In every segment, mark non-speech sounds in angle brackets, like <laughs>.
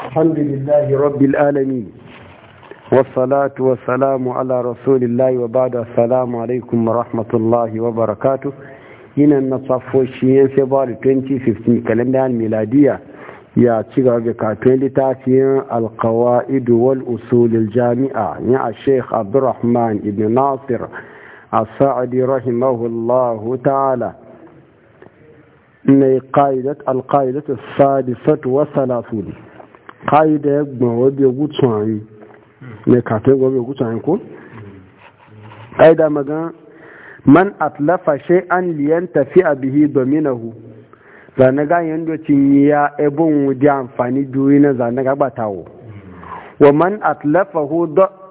الحمد لله رب العالمين والصلاة والسلام على رسول الله وبعد السلام عليكم ورحمة الله وبركاته هنا نصف وشيين فبار 2015 كالندر الميلادية يا تشيغاغا كاتوين لتاتين القواعد والأصول الجامعة يا الشيخ عبد الرحمن بن ناصر السعدي رحمه الله تعالى إن قاعدة القاعدة السادسة والثلاثون kayi da ya gbọ̀n wabe gutsun ayi mai kafin wabe tún ayi ko? da magan man atlafa shai an liyan tafi abihi bihi dominahu zanaga yandocin ya ebon di amfani duri na zanaga wo. wa man atlafa hu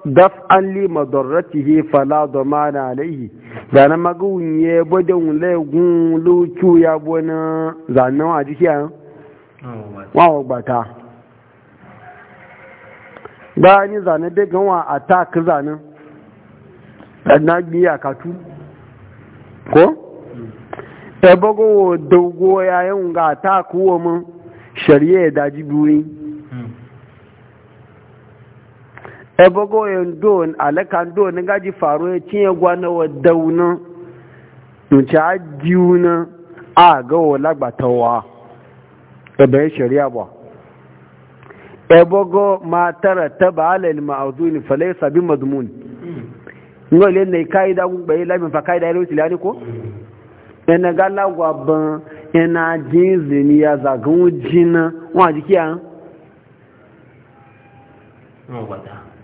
daf an li madarratihi fala domana alaihi zana magun ya bude wule gun lucu ya bona zanen a jikiya wọn gbata bayan zane bai ganwa a tak zanen na biya katu ko ebogowo dogo yayin ga ta kuwa mun shari'a ya daji biyu ebogowo yin don alakan don gaji faru ya cinye gwana wa daunan nuce ajiyunan a ga wa lagbatawa e ebe shari'a ba ebogo matara tara taba alal ma'azuni falaysa bi madmun ngo le ne kaida gu be la mi fa kaida ile utilani ko ena gala gwa ban ena jinzi ni ya za gun jina wa a? an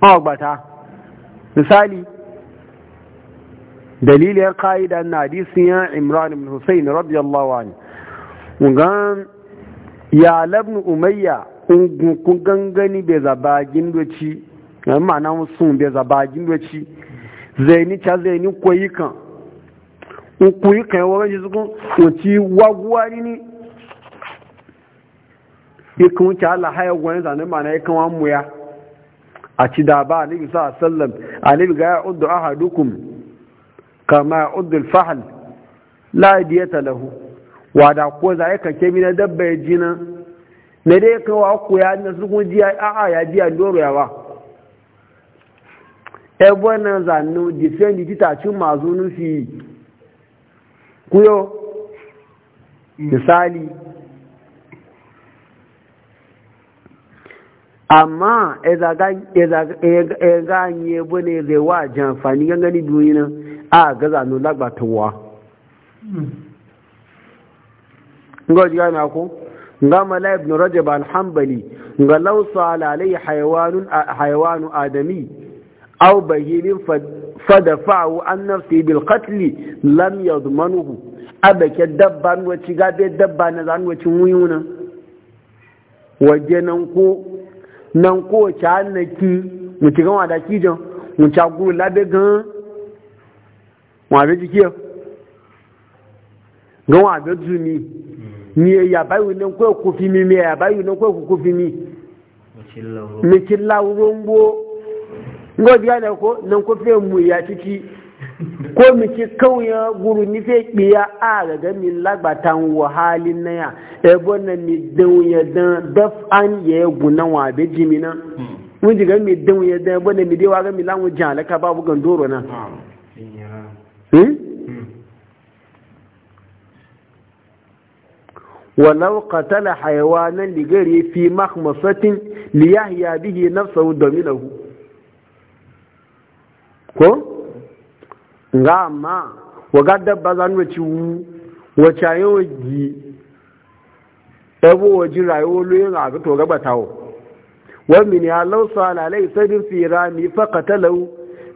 o gbata misali dalilin kaida na hadisi ya imran ibn husayn radiyallahu anhu ngan ya labnu umayya kun gangani bai zaba gindoci eh, ma'ana sun bai zaba gindoci zaini ca zaini koyi kan in koyi kan yawon rajin sukun wace waguwa ni ikon wuce ala haya gwani zane ma'ana ikan wa muya a ci da ba alibi sa sallam alibi ga ya a hadukun kama ya udu fahal la diyata lahu wa da ko za kake kemi na dabba ya jinan na ka wa ku ya na su kun jiya a ji ya jiya ndoro yawa e bona zannu defend ti ta cin mazu nufi kuyo hmm. misali amma ya e e e, ganye bane zai wa jamfani gangani biyu na, a ga gaza nuna lagbatawa hmm. ngoji na ko nga mala ibn rajab al-hanbali nga law sala alai hayawanun hayawanu adami aw bahirin fadafa'u an nafsi bil qatl lam yadmanuhu abake dabban wace gabe dabba na zan wace wuyuna waje nan ko nan ko ta annaki mu ci gama da kijan mu ta gulu labe gan wa be jikiyo gan wa be zumi mi ya bayu nan ko ku fi mi mi ya bayu nan ko ku fi mi mi wongo ngo diya ne ko nan ko fe mu ya ciki ko mi ki kauya guru ni fe biya a ga ga mi tan wa halin na ya e bonna mi dan ya dan daf an ye guna wa be jimina mun ji mi dan ya dan bonna mi hmm. dewa ga mi e lawo jan ka babu gandoro na hmm. Hmm. ولو قتل حيوانا ligari fi مخمصة liyahya bihi نفسه dominahu ko nga ma, waga dabba zan wace wu wacce yawa gi ebo waji rayuwa loyin abu to gaba tawo ya law sala alai fi rami fa qatalahu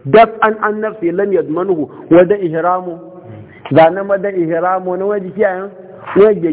daf an an nafsi lam yadmanuhu wa da ihramu ihramu na kiyayen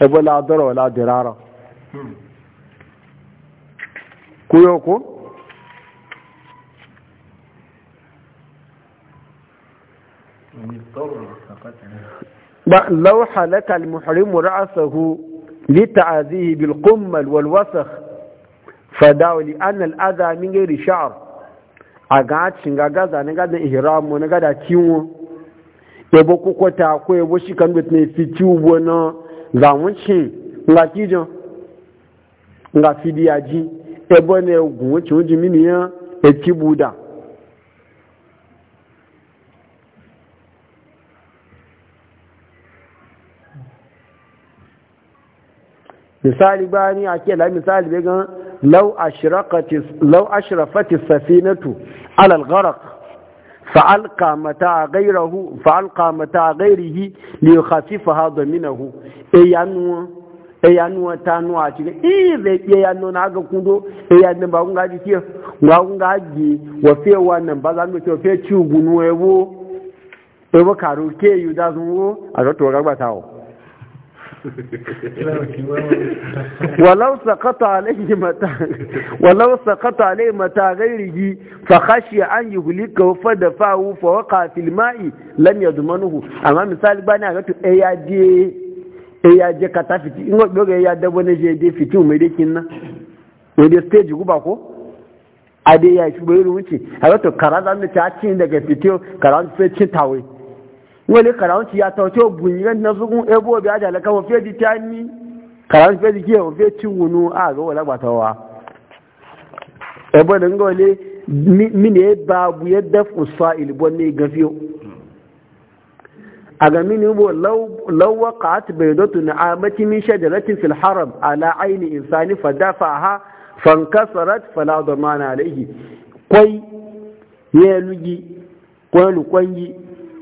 ebe la dara wala dirara kuyo ko ba law halaka al muhrim ra'sahu li ta'azihi bil qummal wal wasakh fadaw li anna al adha a ghairi sha'r aga cinga gaza ne gaza gada kiwo ebo kokota ko ebo shikan bet fi ciwo na zamun ce nga kijan nga fidiya ji ebo ne ogun wuce wuce mini ya eki buda misali bani a ke la misali bai gan lau ashirafati safinatu alal gharak فألقى متاع غيره ليخففها ضمنه أي أنو eya nuwa ta nuwa a cikin iya ya ya nuna aga kudo eya nan ba kunga ji ba kunga ji wa fiye wannan ba za mu fiye fiye ci ugu ya bo karu ke yi da sun a zato ga <laughs> walau sakata alaihi mata walau sakata alaihi mata gairihi fa khashiya an yuhlika fa dafahu fa waqa fil ma'i lam yadmanuhu amma misali bani a gato eh ya je eh, kata fiti in gobe ga ya dabo ne je je fiti mai dake nan mai da stage guba ko a dai ya shi bai ruwuce a gato karaza ne ta cin daga fitiyo karaza sai cin tawai wani karanci ya tauto bunyan na zugun ebo biya da alaka wafe di ta ni karawunci fe di kiyan wafe cin wunu a ga wala gbatawa ebo da nga wale mini ya babu ya dafa sa'il bonne gafiyo a ga mini bo lawaqat baydatu na'amati min shajaratin fil haram ala aini insani fadafaha fankasarat fala dhamana alayhi kwai ya lugi kwai lukwangi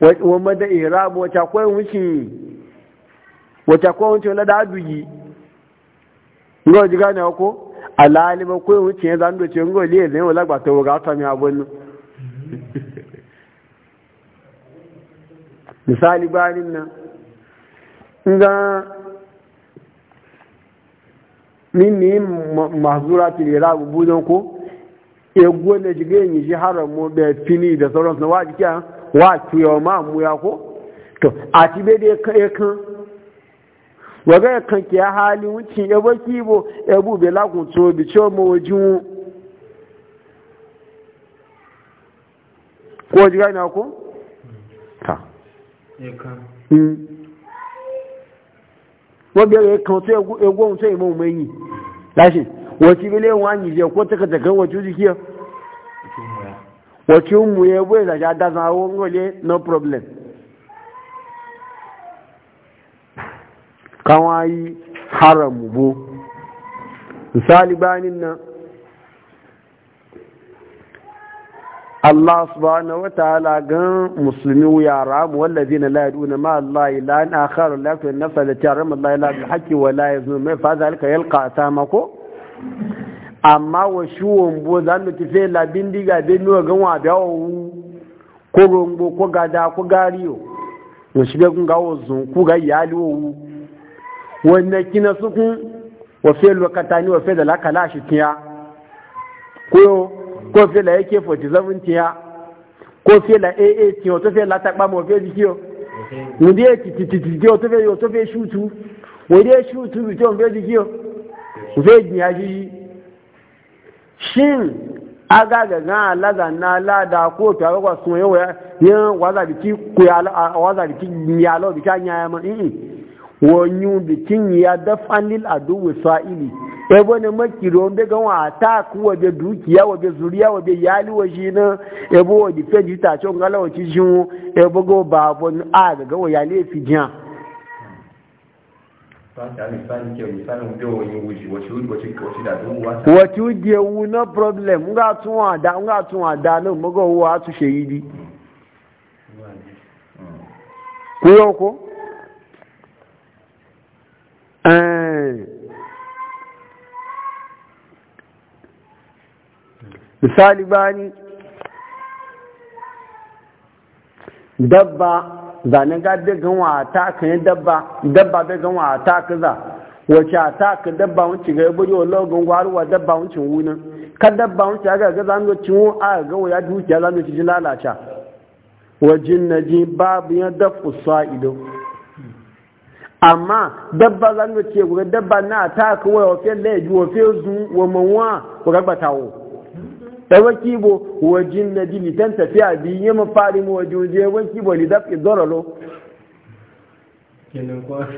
wọ́n mọ́dá ìhìráàbù ọ̀chàkọ́ ìhùn tí lọ́dá àdúyí ngọ́ jígá ní ọkọ́ aláàlẹ́mọ́ kó ìhùn tí yẹn zandó tí ó ń gọ́ ilé ẹ̀lẹ́ ìwọ̀n lágbàtọ̀ wọ́n gáta mi <laughs> misali bá na nga mazura ti ìhìráàbù bú náà kó egwó na yi shi haramu fini da sauransu na wájí wa tuyo ma mu ya ko to a ti be de kan kan wa ga kan ki hali wuci e bo kibo bu be la kun to bi cho mo wajun ko ji ga ko ta e kan wọ́n bẹ̀rẹ̀ kan tó ẹgbọ́n tó ìmọ̀ òmìnir láṣì wọ́n ti bí hmm. lé wọn àyìnjẹ́ tẹ́kẹ̀tẹ̀kẹ́ wọ́n tó dìkíyà wacce mu ya bai da ya da zawon gole no problem kawai haramu bo misali banin na. Allah subhanahu ta'ala gan musulmi wuya ramu wallazina la yaduna ma Allah ila an akhar la yakun nafsa la tarama Allah ila bi haqqi wa la yazun ma fa zalika yalqa asama ko amma wa shi bo za mu tafe labin diga be nuna gan wa biya wawu ko rombo ko gada ko gariyo wa shi kun ga wa zun ku ga yali wu wanne kina sukun wa fiye lokata ni wa fiye da lakala shi tiya ko ko da la yake 47 tiya ko fiye la aa tiya to fe la ta pa mo yau? dikiyo mo titi ti ti ti ti to fe yo to fe shutu mo die shutu bi to fe dikiyo mo fe gbi shin aga ga ga laza na lada ko to aga kwa sun yawa ya waza biki ku ya waza biki ya lo biki anya ya ma eh wonyu biki ya dafan lil adu sa'ili e bone makiro be ga wa ta ku ya dukiya zuru zuriya waje yali waje na e bo di fe di ta e bo go ba aga wàtí ó di no problem nga tún àdá nga tún àdá náà mọ́gọ́ owó àtúnṣe yìí misali bani dabba zanen gada gan wata ka yi dabba dabba bai gan wata ka za wace ata ka dabba wancin ga yabo yau logon gwaruwa dabba wancin wunan ka dabba wancin aga ga zanen ga cinwo a ga waya dukiya zanen ci lalaca wajen na ji babu ya dafu sa'ido amma dabba zanen ga ce dabba na ata ka waya wafe laifi wafe zu wa manwa wa gagbatawo tawaki bo wajin na jini tafiya bi yi mafari mu waje kenan kwa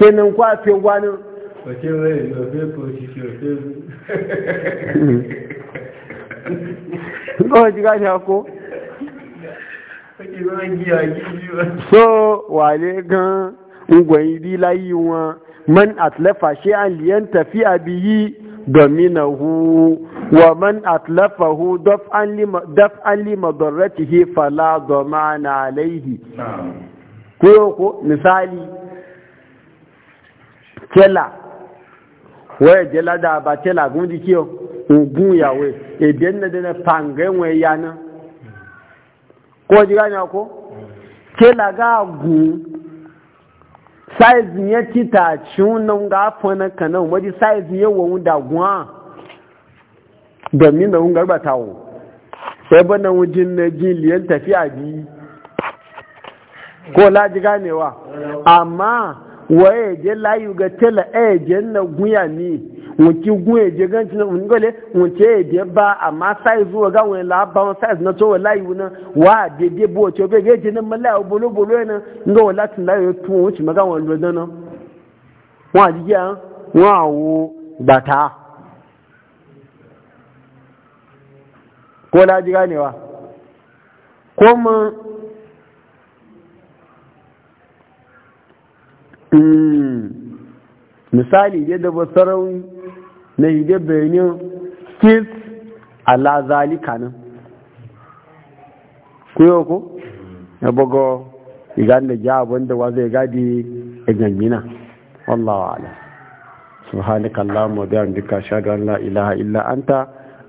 kenan kwa wani wajen da fe ko shi ke fe ko ji ga ko so wale gan ngwai bi layi man atlafa shi an liyan tafiya biyi dominahu wa man atlafahu daf'an li madarratihi fala dhamana alayhi ko ko misali kela waya jela da ba kela gun di kiyo ogun yawe ebe na de na pange we yana ko ji ga ko kela ga gun size ne tita chun nan ga fana kana wadi size ne wa wunda gwa domin na hun garba tawo sai ba na wujin na jiliyan tafiya biyu ko laji ganewa amma waye je layu ga tela e je na guya ni wuki guye je ganci na ungole wuce je ba amma sai zuwa ga wani labarin sai na to layu na wa de de bo to be ge je na mala bolo bolo na ngo wala tin layu to wuce maga wani rodana wa ji ya wa wo bata ko ji ganewa kuma hmm. misali yadda ba sarauni na hide benin kis ala zalika nan yi oku ya bugo igan da ja wanda wa zai gadi egangina wallawa ala subhanakallahumma biyan duka shaɗu an la ilaha illa anta